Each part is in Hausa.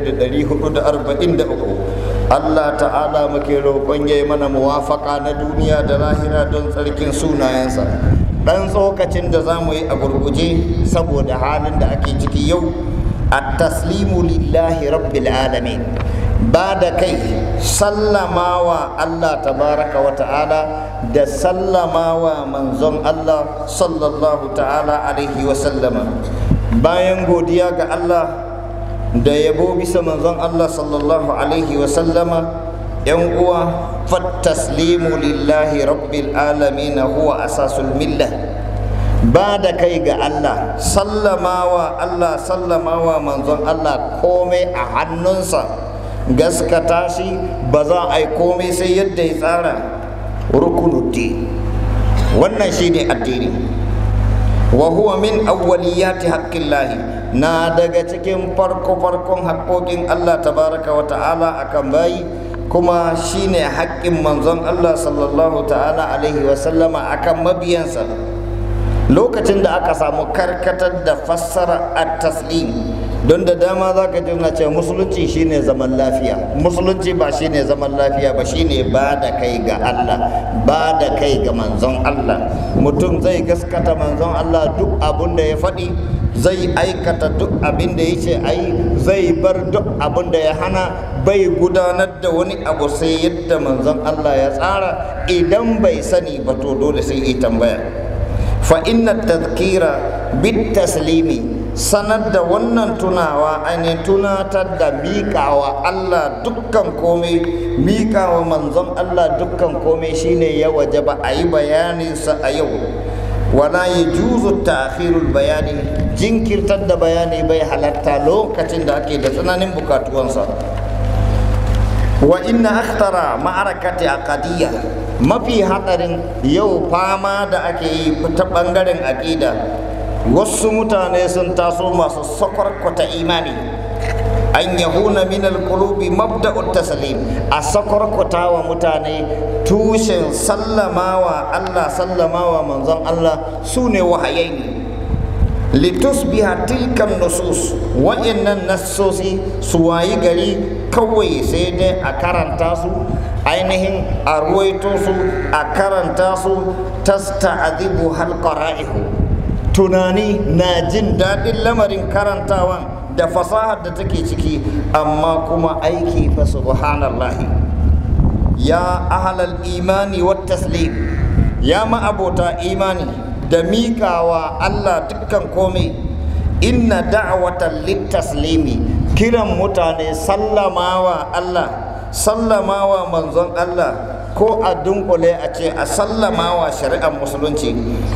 1443 Allah ta'ala muke roƙon ya yi mana muwafaka na duniya da lahira don tsarkin sunayensa ɗan tsokacin da za mu yi a gurguje saboda halin da ake ciki yau a taslimu lillahi rabbil alamin ba da kai sallamawa Allah tabaraka wa ta'ala da sallamawa manzon Allah sallallahu ta'ala alaihi wa sallama bayan godiya ga Allah da yabo bisa manzon Allah sallallahu alaihi wa sallama, yan uwa fattaslimu lillahi rabbil alamin huwa asasul milla ba da kai ga Allah sallamawa Allah sallamawa manzon Allah komai a hannunsa gaskata shi ba za a yi komai sai yadda ya tsara rukunuddi wannan shi ne addini wa huwa min awwaliyati haqqillahi na daga cikin farko-farkon haƙoƙin Allah tabaraka wa ta'ala akan bayi kuma shine haƙƙin manzon Allah sallallahu ta'ala alaihi wasallama akan mabiyansa lokacin da aka samu karkatar da fassara a taslim don da dama za ka ji ce musulunci shine zaman lafiya musulunci ba shine zaman lafiya ba shine ba da kai ga Allah ba da kai ga manzon Allah mutum zai gaskata manzon Allah duk abin da ya faɗi zai aikata duk abin da ya ce ai zai bar duk abin da ya hana bai gudanar da wani abu sai yadda manzon Allah ya tsara idan bai sani ba to dole sai yi tambaya fa inna tadhkira bit taslimi sanar da wannan tunawa ainihin tunatar da miƙawa Allah dukkan komai miƙawa manzon Allah dukkan komai shine ya waje ba a yi bayaninsa a yau wala yi juzu ta'khirul bayani jinkirtar da bayani bai halatta lokacin da ake da tsananin bukatuwansa wa inna akhtara ma'arakati aqadiyya mafi hadarin yau fama da ake yi ta bangaren aqida wasu mutane sun taso masu sakwarkwata imani an yahuna min alqulubi mabda'ut taslim a kwata wa mutane tushen sallamawa Allah sallamawa manzon Allah sune wahayaini biya tilkan nusus wa'annan nassosi su wayi gari kawai sai dai a karanta su ainihin a ruwaito su a karanta su tasta'adhibu halqara'ihu tunani na jin daɗin lamarin karantawan da fasahar da take ciki amma kuma aiki fa subhanallah ya ahlal imani wa taslim ya ma'abota imani da mikawa Allah dukkan komai inna da'watan littaslimi kiran mutane sallamawa Allah sallamawa manzon Allah ko a dunkule a ce a sallama wa shari'ar musulunci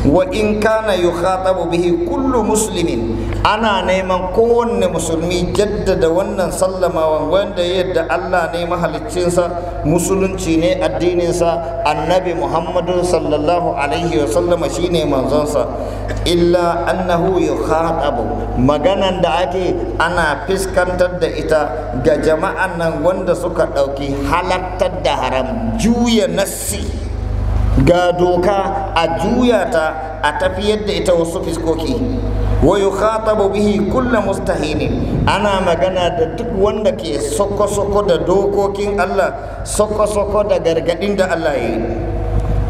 wa in kana yukhatabu bihi kullu muslimin ana neman kowanne musulmi jaddada wannan sallamawan wanda yadda Allah ne mahaliccinsa musulunci ne addininsa annabi Muhammadu sallallahu alaihi wa sallama shi ne manzonsa illa annahu yukhatabu maganan da ake ana fiskantar da ita ga jama'an nan wanda suka ɗauki halartar da haram juya nassi ga doka a juya ta a tafiyar da ita wasu fiskoki wa yukhatabu bihi kullu mustahinin ana magana da duk wanda ke soko-soko da dokokin Allah soko-soko da gargadin da Allah yi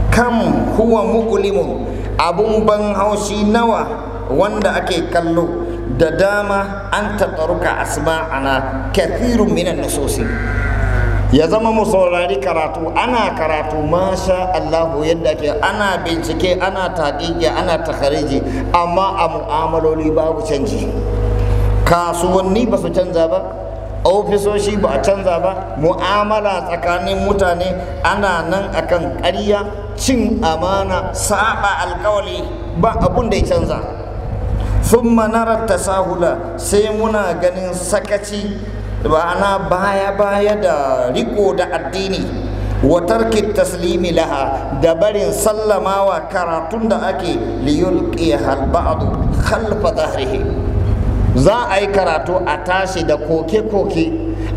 kam huwa mukulimu abun ban haushi nawa wanda ake kallo da dama an taɓaruka ana kathirun minan nasosi ya zama mu saurari karatu ana karatu masha Allahu yadda ke ana bincike ana taƙiƙi ana takariji amma a mu'amaloli babu canji kasuwanni ba su canza ba ofisoshi ba a canza ba mu'amala tsakanin mutane ana nan akan ƙarya cin amana saba alkawali ba abun da ya canza sun manarar sahula sai muna ganin sakaci ma'ana baya baya da riko da addini wa tarki taslimi laha da barin sallamawa karatun da ake liyulqi hal khalfa zahrihi za a yi karatu a tashi da koke-koke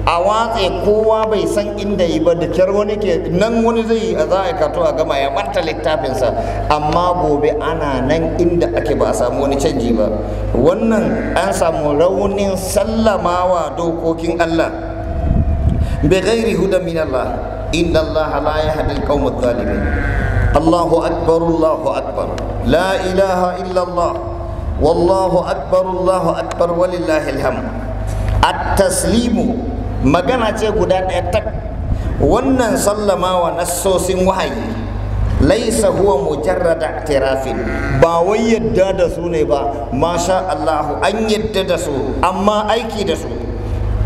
a watse kowa bai san inda yi ba da kyar wani ke nan wani zai yi a za a kato a gama ya manta littafinsa amma gobe ana nan inda ake ba a samu wani canji ba wannan an samu raunin sallamawa dokokin Allah bai gairi huda min Allah inda Allah la ya hadil qawmuz zalimin Allahu akbar Allahu akbar la ilaha illa Allah wallahu akbar Allahu akbar walillahil hamd at-taslimu magana ce guda ɗaya tak wannan sallamawa nassosin wahayi laisa huwa mujarrada tirafin ba wai yadda da su ne ba masha Allah an yadda da su amma aiki da su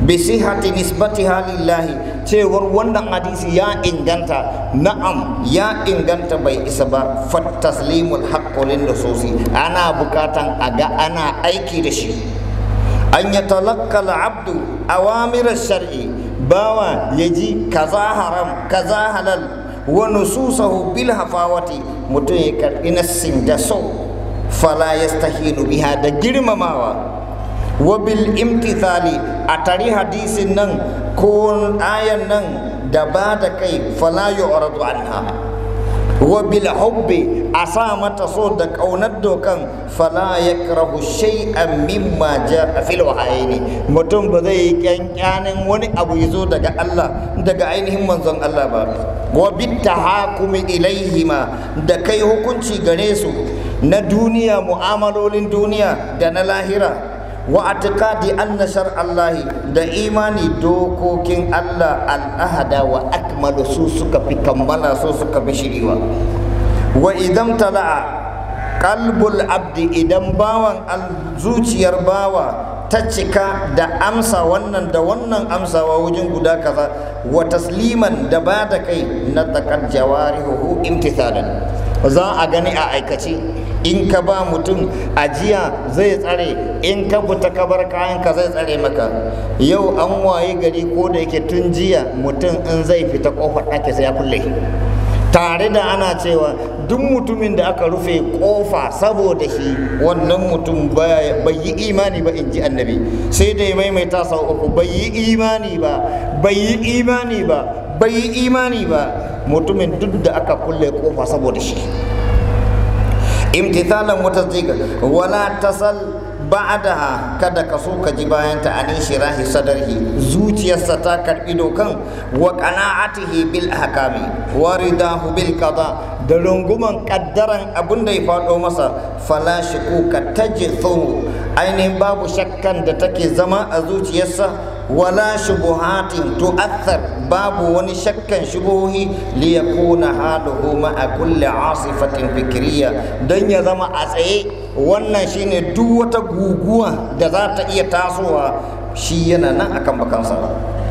bi sihati nisbati halillahi cewar wannan hadisi ya inganta na'am ya inganta bai isa ba fa taslimul haqqo lin nususi ana bukatan aga ana aiki da shi an ya talakkal abdu awamirar shar'i bawa ya ji kaza haram kaza halal wani nususahu bil hafawati mutum ya karɓi nassin da so fala yastahinu biha da girmamawa wa bil imtithali a tari hadisin nan ko ayan nan da ba da kai fala yu'radu anha wa bil a sa mata so da ƙaunar dokan fala yakrahu a mimma a fil wahaini mutum ba zai yi kyankyanin wani abu yazo daga Allah daga ainihin manzon Allah ba wa hakumi tahakumi ilaihima da kai hukunci gare su na duniya mu'amalolin duniya da na lahira wa atiqadi anna Allahi da imani dokokin Allah al-ahada wa akmalu su suka fi kammala su suka fi shiriwa wa idan tala'a kalbul abdi idan bawan zuciyar bawa ta cika da amsa wannan da wannan amsawa wajen guda kaza wa tasliman da ba da kai na takar jawarihu imtithalan za a gani a aikace in ka ba mutum ajiya zai tsare in ka fita ka bar kayan ka zai tsare maka yau an waye gari ko da yake tun jiya mutum in zai fita kofar ɗaki sai ya kulle tare da ana cewa duk mutumin da aka rufe kofa saboda shi wannan mutum bai yi imani ba in ji annabi sai dai maimaita sau uku bai yi imani ba bai yi imani ba bai yi imani ba mutumin duk da aka kulle kofa saboda shi imtithalan wata zika wala tasal ba'daha kada ka so ka ji bayan ta anin shirahi sadarhi zuciyarsa ta karbi dokan wa qana'atihi bil ahkami wa bil qada da runguman kaddaran abin da ya faɗo masa fala shukuka tajithu ainihin babu shakkan da take zama a zuciyarsa wala shubuhatin tu'athar babu wani shakkan shubuhi li yakuna haluhu a kulli asifatin fikriya dan ya zama a tsaye wannan shine duk wata guguwa da za ta iya tasowa shi yana nan akan bakansa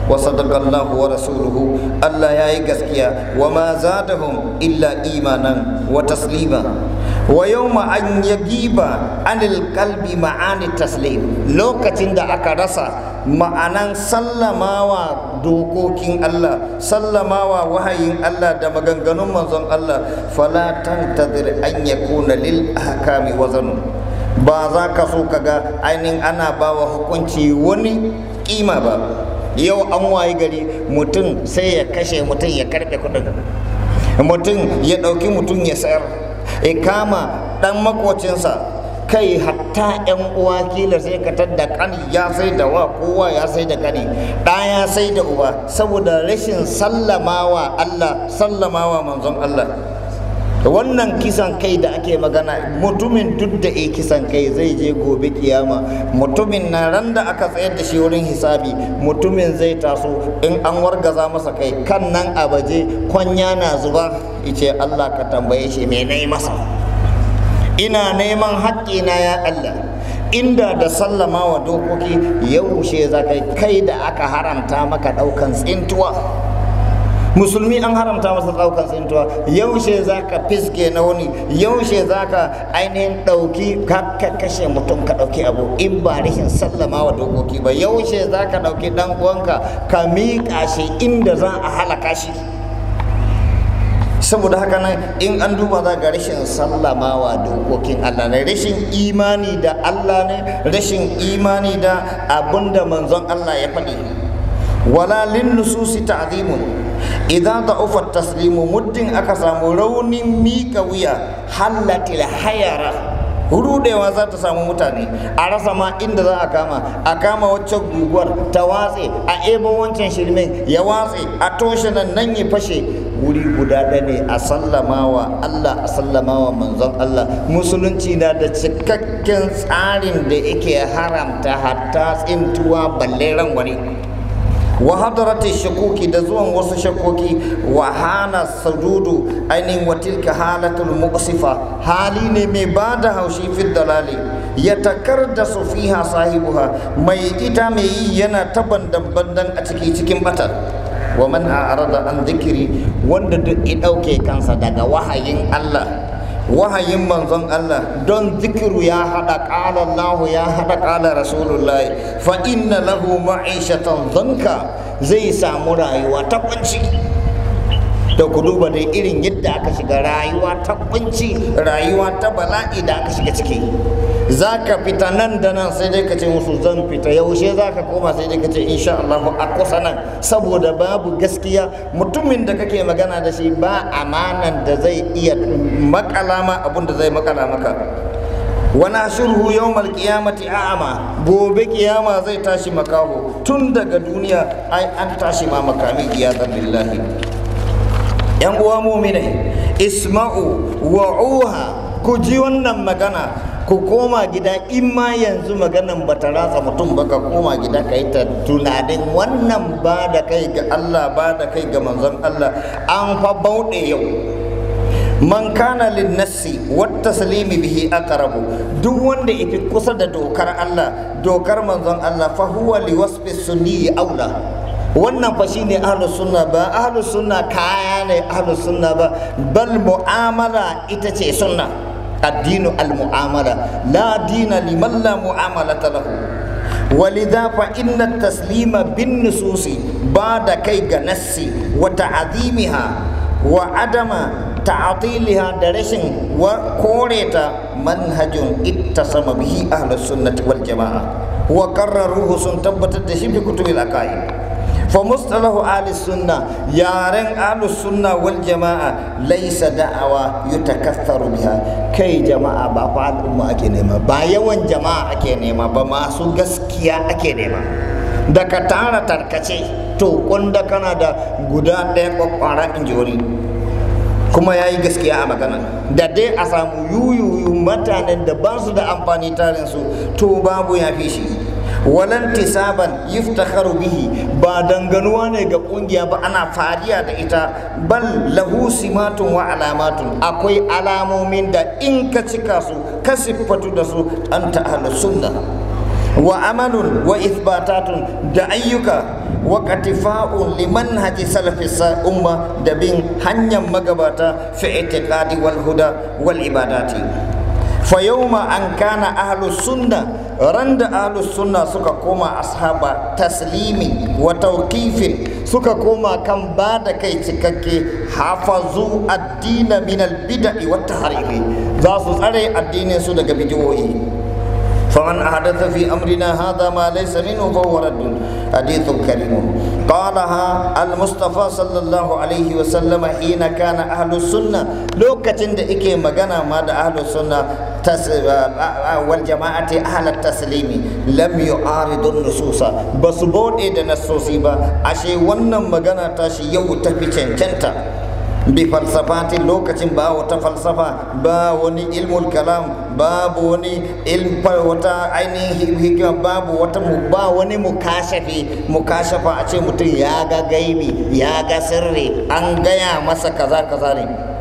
wa sadaqallahu wa rasuluhu Allah yayi gaskiya wa ma zadahum illa imanan wa taslima wa yawma an giba anil kalbi ma'ani taslim lokacin da aka rasa ma'anan sallamawa dokokin Allah sallamawa wahayin Allah da maganganun manzon Allah fala tantazir an ya kuna lil ahkami wazanu ba za ka so ka ga ainihin ana bawa hukunci wani kima ba yau an wayi gari mutum sai ya kashe mutum ya karbe kudin mutum ya ɗauki mutum ya sayar In kama dan makocinsa kai hatta yan uwa kila sai ka tadda kani ya sai da wa kowa ya sai da kani da ya sai da uba saboda rashin sallamawa Allah sallamawa manzon Allah wannan kisan kai da ake magana mutumin duk da e kisan kai zai je gobe kiyama mutumin na ran da aka tsayar da shi wurin hisabi mutumin zai taso in an wargaza masa kai kan nan a baje kwanya na zuba ice Allah ka tambaye shi me nayi masa ina neman haƙƙina ya Allah inda da sallama wa dokoki yaushe za kai da aka haramta maka ɗaukan tsintuwa musulmi an haramta masa ɗaukar tsintuwa yaushe za ka fiske na wuni yaushe za ka ainihin ɗauki ka kashe mutum ka ɗauki abu in ba rashin sallama wa dokoki ba yaushe za ka ɗauki ɗan uwanka ka miƙa shi inda za a halaka shi saboda haka nan in an duba za ga rashin sallama wa dokokin Allah ne rashin imani da Allah ne rashin imani da abinda manzon Allah ya faɗi wala lin nususi ta'zimun idza da'ufa taslimu muddin aka samu raunin mika wuya hallatil hayara rudewa za ta samu mutane a rasa ma inda za a kama a kama wacce guguwar ta watse a ebo wancan shirmin ya watse a toshe nan nan ya fashe wuri guda ɗaya ne a sallamawa Allah a sallamawa manzon Allah musulunci na da cikakken tsarin da yake haramta hatta tsintuwa balle ran wani wa hadarati shakuki da zuwan wasu shakoki wa hana sadudu ainihin watilka halatul muqsifa hali ne mai ba da haushi fil dalali ya takar da su fiha sahibuha mai ita mai yi yana ta bandan a ciki cikin batar wa man a'rada an zikiri wanda duk ya dauke kansa daga wahayin Allah wahayin manzon Allah don zikiru ya haɗa ƙalar lahu ya haɗa ƙalar Rasulullahi fa inna lahu ma'aishatan zanka zai samu rayuwa ta kunci da ku duba da irin yadda aka shiga rayuwa ta kunci rayuwa ta bala'i da aka shiga ciki za ka fita nan da nan sai dai ka ce musu zan fita yaushe za ka koma sai dai ka ce insha Allah a kusa nan saboda babu gaskiya mutumin da kake magana da shi ba amanan da zai iya makala ma abun da zai makala maka wana shirhu yawmal qiyamati a'ama gobe kiyama zai tashi makaho tun daga duniya ai an tashi ma makami iyazan billahi yan uwa mu'minai isma'u wa'uha ku ji wannan magana ku koma gida in ma yanzu maganan ba ta ratsa mutum ba ka koma gida ka yi ta tunanin wannan ba da kai ga Allah ba da kai ga manzon Allah an fa bauɗe yau man kana nasi, wata salimi bihi aqrabu duk wanda yake kusa da dokar Allah dokar manzon Allah fa huwa li wasfi sunni aula wannan fa shine ahlus sunna ba ahlus sunna kaya ne ahlus sunna ba bal mu'amala ita ce sunna الدين المعاملة لا دين لمن لا معاملة له ولذا فإن التسليم بالنصوص بعد كيغ نس وتعظيمها وعدم تعطيلها درس وكوريتا منهج اتصم به أهل السنة والجماعة وكرروه سنتبت الدشي في كتب الأكايد fa mustalahu ahli sunna yaren ahli sunna wal jama'a laysa da'awa yutakassaru biha kai jama'a ba fa al'umma ake nema ba yawan jama'a ake nema ba masu gaskiya ake nema da ka tara tarkace to kunda kana da guda ɗaya kwakwara injori kuma ya yi gaskiya a magana da dai a samu yuyuyu mutanen da ba su da amfani tarin su to babu ya fi shi walar tisaban yiftakharu bihi ba danganuwa ne ga kungiya ba ana fariya da ita bal lahu simatun wa alamatun akwai alamomin da in ka cika su ka siffatu da su anta ahlus sunna wa amalun wa ithbatatun da ayyuka wa katifa'un liman haji salafis umma da bin hanyar magabata fi itiqadi wal huda wal ibadati fa yawma an kana ahlu sunna ran da ahlus sunna suka koma ashaba taslimi wa tawqifin suka koma kan ba da kai cikakke hafazu addina min al wa tahrimi za su tsare addinin su daga bid'o'i فمن أحدث في أمرنا هذا ما ليس منه فهو رد حديث كريم قالها المصطفى صلى الله عليه وسلم حين كان أهل السنة لو كتند إكي مغانا ماذا أهل السنة تس... والجماعة أهل التسليم لم يعارض النصوص بس بود إيد النصوصي با أشي ونم مغانا تاشي يو تبي چنچنتا bi falsafati lokacin ba wata falsafa ba wani ilmul kalam babu wani ilm wata ainihin hikima babu wata ba wani mukashafi mukashafa a ce mutum ya ga gaibi ya ga sirri an gaya masa kaza kaza ne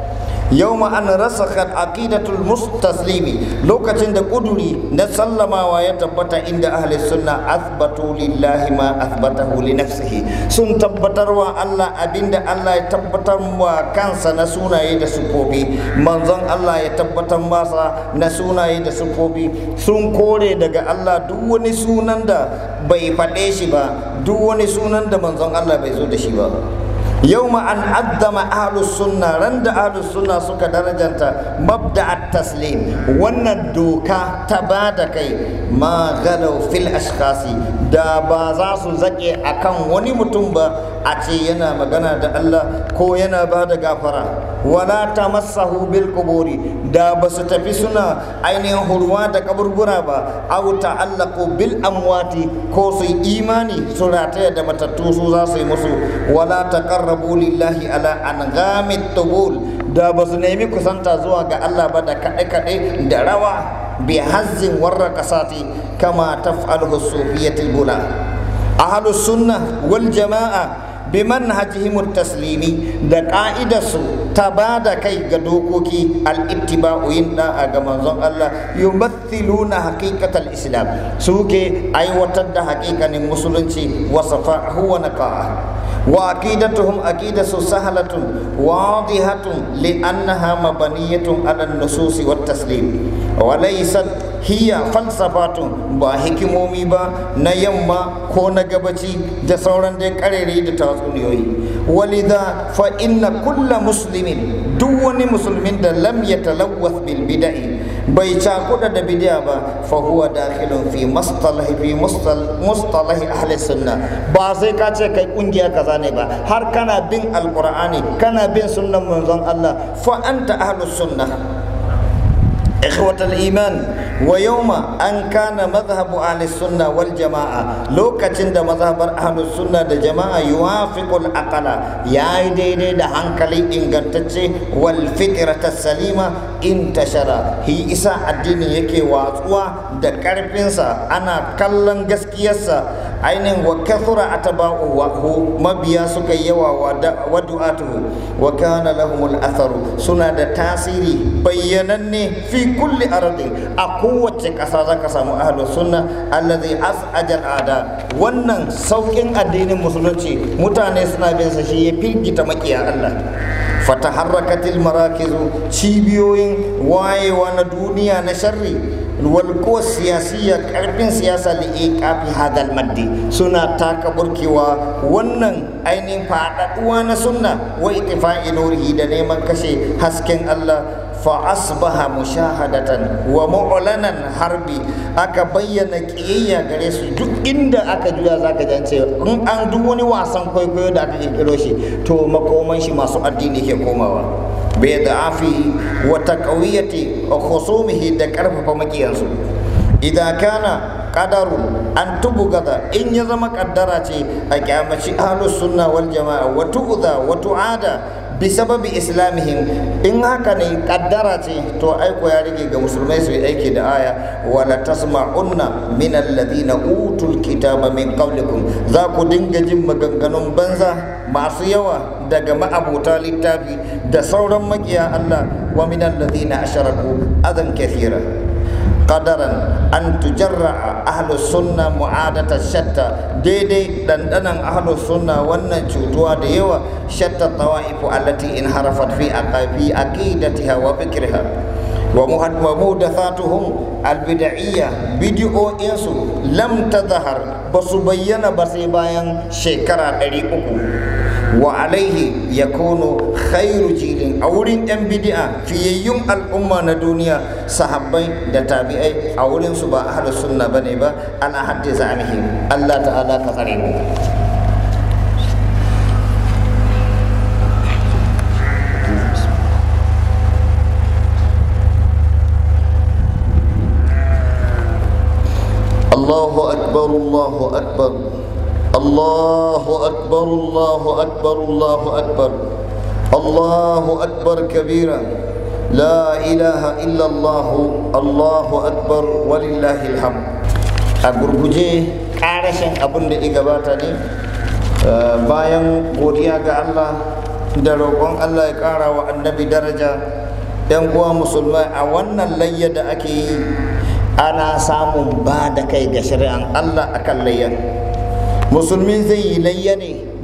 yawma an rasakhat aqidatul mustaslimi lokacin da kuduri na sallamawa ya tabbata inda ahli sunna athbatu lillahi ma athbatahu li nafsihi sun tabbatarwa Allah abinda Allah ya tabbatar wa kansa na sunaye da sufofi manzon Allah ya tabbatar masa na sunaye da sufofi sun kore daga Allah duk wani sunan da bai faɗe shi ba duk wani sunan da manzon Allah bai zo da shi ba Yau ma'an addama ahalus sunna ran da ahalus sunna suka darajanta mabda at taslim wannan doka ta ba da kai ma galau fil ashkasi da ba za su zake akan wani mutum ba a ce yana magana da Allah ko yana ba da gafara wala tamassahu bil quburi da ba su tafi suna ainihin hurwa da kaburbura ba aw ta'allaqu bil amwati ko su imani su rataya da matattu su za su yi musu wala taqarra qabulillahi ala gamit tubul da ba su nemi kusanta zuwa ga Allah ba da kaɗe-kaɗe da rawa bi hazzin warra kasati kama taf'al husufiyatul bula ahlus sunnah wal jama'a manhajihim taslimi da ƙa'idarsu ta ba da kai ga dokoki al'ittiba yin a ga manzon Allah yumathiluna haqiqatal islam suke aiwatar da haƙiƙanin musulunci wasafa huwa naqa'a وعقيدتهم عقيدة سهلة واضحة لأنها مبنية على النصوص والتسليم وليست هي فلسفات با hikimomi ba na yamma ko na gabaci da sauran dai karere da tatsuniyoyi walidha fa inna kulla musulmin, duk wani musulmin da lam yatalawwath bil bid'i bai cakuda da bidiya ba fa huwa dakhilun fi mustalahi fi ahli sunna ba sai ka ce kai kungiya kaza ne ba har kana bin alqur'ani kana bin sunnan manzon Allah fa anta sunna ikhwatal iman wa yawma an kana mazhabu ahli sunnah wal jama'a lokacin da mazhabar ahli sunna da jama'a yuwafiqul aqla yayi daidai da hankali ingantacce wal fitrata salima intashara hi isa addini yake watsuwa da karfinsa ana kallon gaskiyarsa ainihin wa kathura taba'u wa mabiya suka yawa wa du'atuhu wa kana lahumul atharu suna da tasiri bayyananne fi kulli ardin a kowace ƙasa zaka samu ahlus sunna allazi as'ajal ada wannan saukin addinin musulunci mutane suna bin sa shi ya firgita makiya Allah fataharrakatil marakizu cibiyoyin wayewa na duniya na sharri walko siyasiyya karfin siyasa kafi hadal maddi suna taka burkewa wannan ainihin faɗaɗuwa na sunna wa itifa'i nurihi da neman kashe hasken Allah fa asbaha mushahadatan wa mu'lanan harbi aka bayyana kiyayya gare su duk inda aka juya zaka ji an in an duk wani wasan kwaikwayo da aka kirkiro shi to makoman shi masu addini ke komawa bai da afi wa taqwiyati khusumihi da karfafa makiyansu idan kana kadaru an gada in ya zama kaddara ce a kyamaci ahlus sunna wal jama'a wa tu'za wa tu'ada bi sababi islamihim in haka ne kaddara ce to aiko ya rige ga musulmai su yi aiki da aya wala tasma'unna min alladhina utul kitaba min qablikum za ku dinga jin maganganun banza masu yawa daga ma'abuta littafi da sauran makiya Allah wa min alladhina asharaku adan kathira qadaran an tujarra'a ahlu sunna mu'adata shatta daidai dandanan ahlu sunna wannan cutuwa da yawa shatta tawaifu allati in harafat fi aqabi aqidatiha wa fikriha wa muhdathatuhum albid'iyya bid'o'in su lam tazhar basu bayyana ba sai bayan shekara 300 wa alaihi ya kono khairu jilin a wurin yan bidi'a fiyayyun al'umma na duniya sahabbai da tabi'ai a wurin su ba ahlu sunna bane ba ana haddisa anhim Allah ta'ala ka tsare mu الله أكبر الله أكبر الله أكبر الله أكبر الله أكبر الله أكبر كبيرا لا إله إلا الله الله أكبر ولله الحمد أقربجي ƙarashin abin da ya gabata ne eh, bayan godiya ga Allah da roƙon Allah ya ƙara wa annabi daraja yan uwa musulmai a wannan layya da ake yi ana samun ba da kai ga shari'an Allah akan layyar musulmi zai yi layya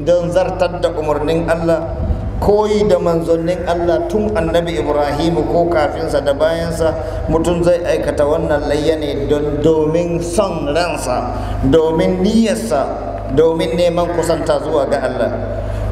don zartar da umarnin Allah koyi da manzannin Allah tun annabi ibrahim ko kafinsa da bayansa mutum zai aikata wannan layya ne domin son ransa domin niyyarsa domin neman kusanta zuwa ga Allah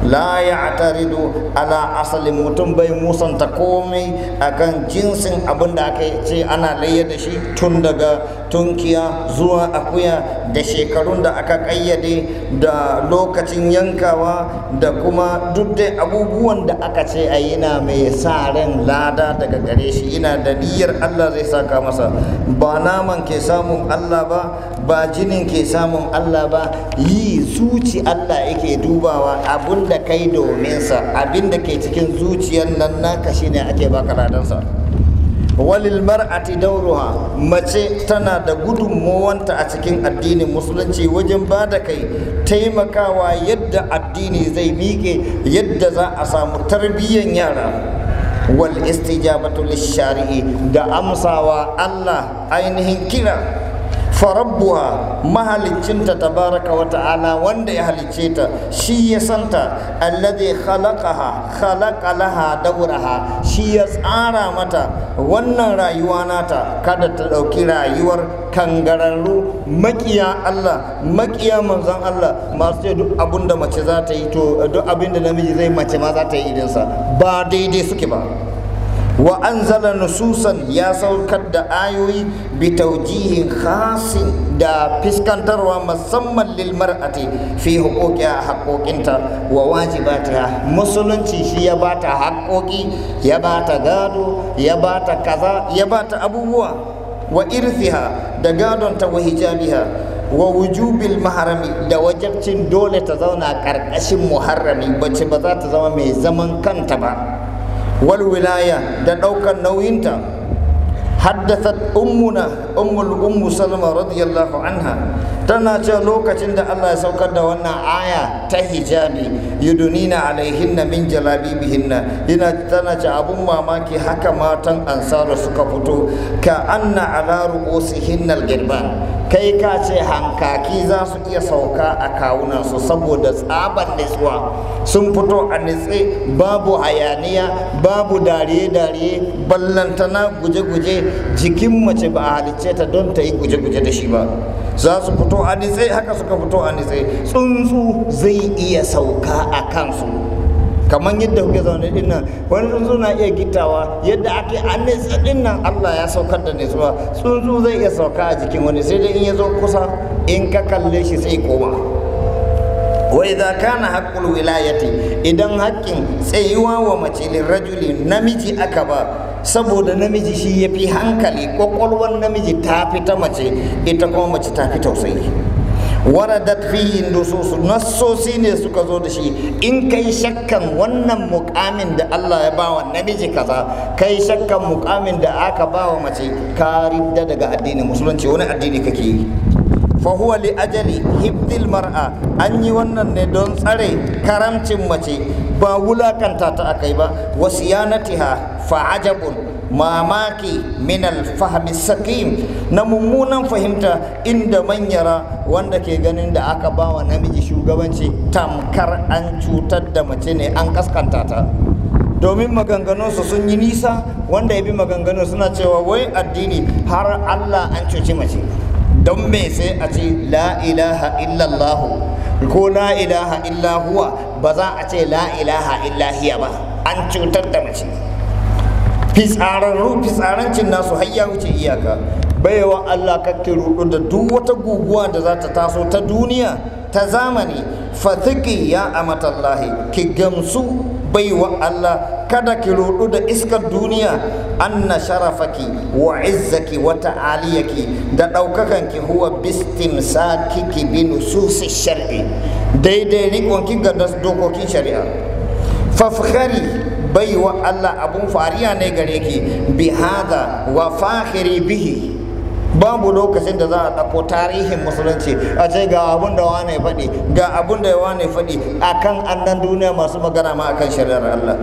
la ataridu ala asalin mutum bai musanta komai akan jinsin abin da aka ce ana layya da shi tun daga tunkiya zuwa akuya da shekarun da aka ƙayyade da lokacin yankawa da kuma duk dai abubuwan da aka ce a yana mai sa ran lada daga gare shi ina da niyyar Allah zai saka masa ba naman ke samun Allah ba ba jinin ke samun Allah ba yi zuci Allah yake dubawa abin da kai dominsa abin da ke cikin zuciyar nan naka shine ake baka ladansa. walil mar'ati dauruha mace tana da gudunmowanta a cikin addinin musulunci wajen ba da kai taimakawa yadda addini zai miƙe yadda za a samu tarbiyyan yara wal istijabatu lishari'i da amsawa Allah ainihin kira farabbuha mahalicinta baraka wa ta'ala wanda ya halice ta shi ya santa alladhi khalaqaha khalaqa laha dawraha shi ya tsara mata wannan rayuwa nata kada ta dauki rayuwar kangararru makiya Allah makiya manzon Allah masu duk abinda mace za ta yi to duk abinda namiji zai mace ma za ta yi idansa ba daidai suke ba wa anzala nususan ya saukar da ayoyi bi taujihin khasi da fiskantarwa musamman lil mar'ati fi a haƙoƙinta wa wajibata. musulunci shi ya bata haƙoƙi ya bata gado ya bata kaza ya bata abubuwa wa irfiha da gadonta wa hijabiha wa wujubil maharami da wajabcin dole ta zauna ƙarƙashin muharrami bace ba za ta zama mai zaman kanta ba walwilaya da ɗaukar nauyinta haddathat ummuna ummul ummu salama radiyallahu anha tana ce lokacin da Allah ya saukar da wannan aya ta hijabi yudunina alaihinna min jalabibihinna yana tana ce abun mamaki haka matan ansara suka fito ka anna ala ru'usihinna girba. kai ka ce hankaki za su iya sauka a kawunan su saboda tsaban nitsuwa sun fito a nitse babu hayaniya babu dariye-dariye ballantana guje-guje jikin mace ba a halicce ta don ta yi guje-guje da shi ba za su fito a nitse haka suka fito a nitse tsuntsu zai iya sauka a kansu kamar yadda kuke zaune din nan wani tsuntsu na iya gitawa yadda ake a nitse din nan Allah ya saukar da nitsuwa tsuntsu zai iya sauka a jikin wani sai dai in ya zo kusa in ka kalle shi sai koma wa idza kana haqqul wilayati idan haƙƙin tsayuwa wa mace lirrajuli namiji aka ba saboda namiji shi ya fi hankali kwakwalwar namiji ta fi ta mace ita kuma mace ta fi tausayi waradat fihi nususu nassosi ne suka zo da shi in kai shakkan wannan mukamin da Allah ya bawa namiji kaza kai shakkan mukamin da aka bawa mace ka ridda daga addinin musulunci wani addini kake yi fa li ajali hibdil mar'a an yi wannan ne don tsare karamcin mace ba wulakanta ta akai ba Wasu wasiyanatiha fa'ajabun mamaki min fahmi sakim na mummunan fahimta inda manyara wanda ke ganin da aka bawa namiji shugabanci tamkar an cutar da mace ne an kaskanta ta domin maganganunsu sun yi nisa wanda ya bi maganganun suna cewa wai addini har allah an cuci mace don me sai a ce la ilaha illallah ko la ilaha illahuwa ba za a ce la ilaha illahiya ba an cutar da mace fitsararru fitsarancin nasu har ya wuce iyaka baiwa Allah kake rudu da duk wata guguwa da za ta taso ta duniya ta zamani fatiki ya amatallahi ki gamsu baiwa Allah kada ki rudu da iskar duniya anna sharafaki wa izzaki wa ta'aliyaki da ki huwa bistimsakiki bi nususi shar'i daidai riƙonki ga dokokin shari'a fafkhari wa Allah abun fariya ne gare ki bi hada wa fakhiri bihi babu lokacin da za a ɗauko tarihin musulunci a ce ga abun da wane faɗi ga abun da wane faɗi akan annan duniya masu magana ma akan shari'ar Allah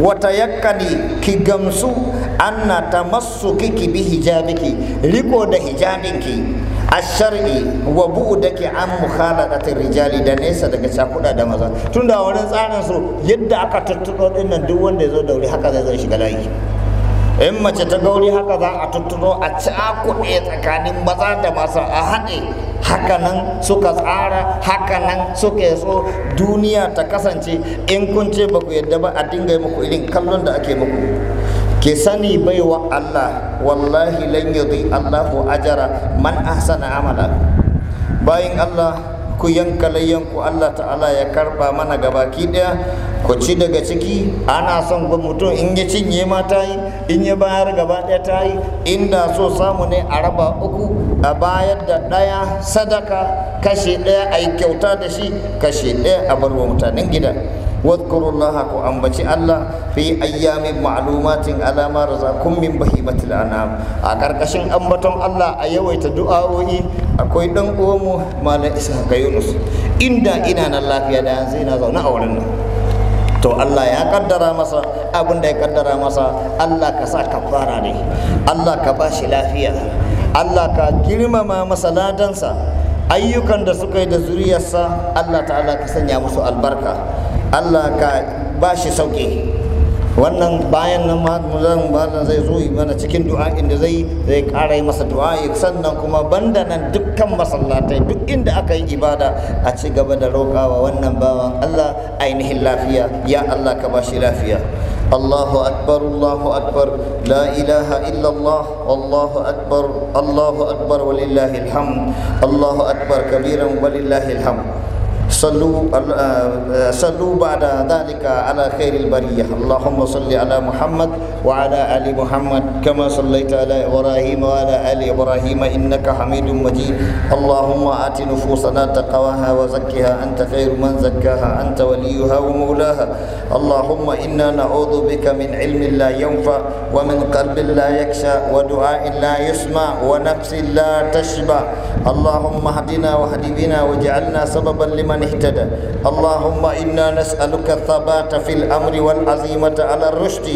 wata yakkani ki gamsu anna tamassuki ki bi hijabiki riko da hijabinki ashar'i wa bu'u ke an mukhalaqati rijali da nesa daga cakuda da maza tun da wurin tsarin su yadda aka tuttudo din nan duk wanda ya zo da wuri haka zai zai shiga layi in mace ta gauri haka za a tuttudo a cakuɗe tsakanin maza da masa a haɗe hakanan suka tsara hakanan suka so duniya ta kasance in kun ce ba ku yadda ba a dinga yi muku irin kallon da ake muku ke sani baiwa Allah wallahi lan yudhi Allahu ajara man ahsana amala bayin Allah ku yanka layyanku Allah ta'ala ya karba mana gabaki daya ku ci daga ciki ana son ba mutum in ya cinye ma ta yi in ya bayar gaba daya ta yi inda so samu ne a raba uku a bayar da daya sadaka kashe daya a yi kyauta da shi kashe daya a barwa mutanen gida Wadkaru na haƙo ambaci Allah fi ayyamin maclumacin alama raza kun min baki matila a karkashin A ambaton Allah a yawaita du'aunin akwai ɗan omo malam isa ga Yunus. inda ina na lafiya da yanzu ina zaune a wurin nan. To Allah ya kaddara masa, abin da ya kaddara masa, Allah sa ka fara ne. Allah ka ba shi lafiya. Allah ka girmama masallatansa. Ayyukan da suka yi da zuriyarsa Allah Taala ka sanya musu albarka. Allah ka ba shi sauƙi wannan bayan nan ba malam zai zo yi mana cikin du'a inda zai zai ƙara masa du'a sannan kuma banda nan dukkan masallatai duk inda aka yi ibada a ci gaba da wa wannan bawan Allah ainihin lafiya ya Allah ka ba shi lafiya الله أكبر الله أكبر لا إله إلا الله الله أكبر الله أكبر ولله الحمد الله أكبر كبيرا ولله الحمد sallu ba'da dhalika ala khairil bariyah allahumma salli ala muhammad wa ala ali muhammad kama sallata ala ibrahim wa ala ali ibrahim innaka hamidum majid allahumma ati nufusana taqwaha wa zakkiha anta khairu man anta waliyuha wa mawlaha allahumma inna na'udhu bika min ilmin la wa min qalbin la yaksha wa du'ain la yusma wa nafsin la tashba allahumma hadina wa hadibina wa ja'alna sababan liman اهتدى اللهم إنا نسألك الثبات في الأمر والعزيمة على الرشد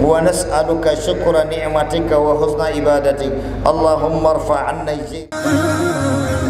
ونسألك شكر نعمتك وحسن عبادتك اللهم ارفع عنا الجهل